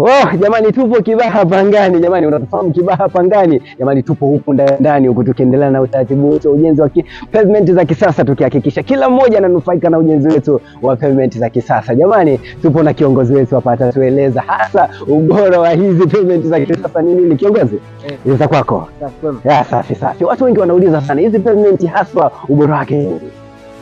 Oh, jamani tupo Kibaha Pangani. Jamani unatufahamu Kibaha Pangani? Jamani tupo huku ndani huku tukiendelea na utaratibu wetu wa ujenzi wa pavement za kisasa tukihakikisha kila mmoja ananufaika na ujenzi wetu wa pavement za kisasa. Jamani tupo na kiongozi wetu hapa atatueleza hasa ubora wa hizi pavement za kisasa ni nini kiongozi? Ni eh. za kwako. Ya safi safi. Watu wengi wanauliza sana hizi pavement haswa ubora wake.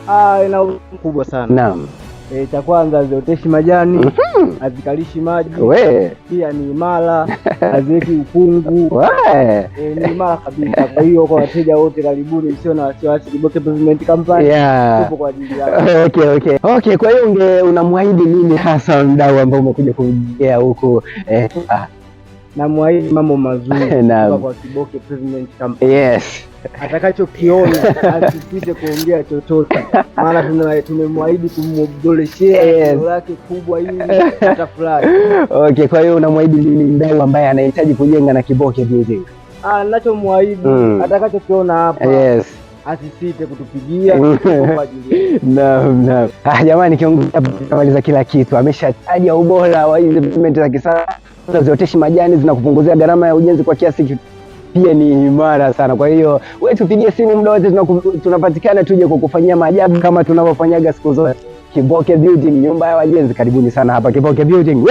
Ah, ina mkubwa sana. Naam. E, cha kwanza hazioteshi majani azikalishi mhm. hazikalishi maji we. Pia ni imara haziweki ukungu e, ni imara kabisa. Kwa hiyo kwa wateja wote karibuni, sio na wasiwasi. Kiboke Pavement Company yeah. kwa ajili yako. Okay, okay. Okay, kwa hiyo unge unamwahidi nini hasa mdau ambao umekuja kujengea huku eh? Ah. Namwahidi mambo mazuri kwa Kiboke Pavement Company. Yes atakachokiona asipite kuongea chochote, maana tumemwahidi kumwogoleshea yes. lake kubwa hili atafurahi. Okay, kwa hiyo unamwahidi nini mdau ambaye anahitaji kujenga na Kiboke Building? Ah, nachomwahidi mm. atakachokiona hapa yes. Asisite kutupigia Naam, naam. Ah, jamani kiongozi amaliza kila kitu, ameshataja ubora wa hizi za kisasa zioteshi majani zinakupunguzia gharama ya ujenzi kwa kiasi pia ni imara sana. Kwa hiyo we tupigie simu muda wote, tunapatikana tuje kukufanyia maajabu kama tunavyofanyaga siku zote. Kiboke Building, nyumba ya wajenzi. Karibuni sana hapa Kiboke Building.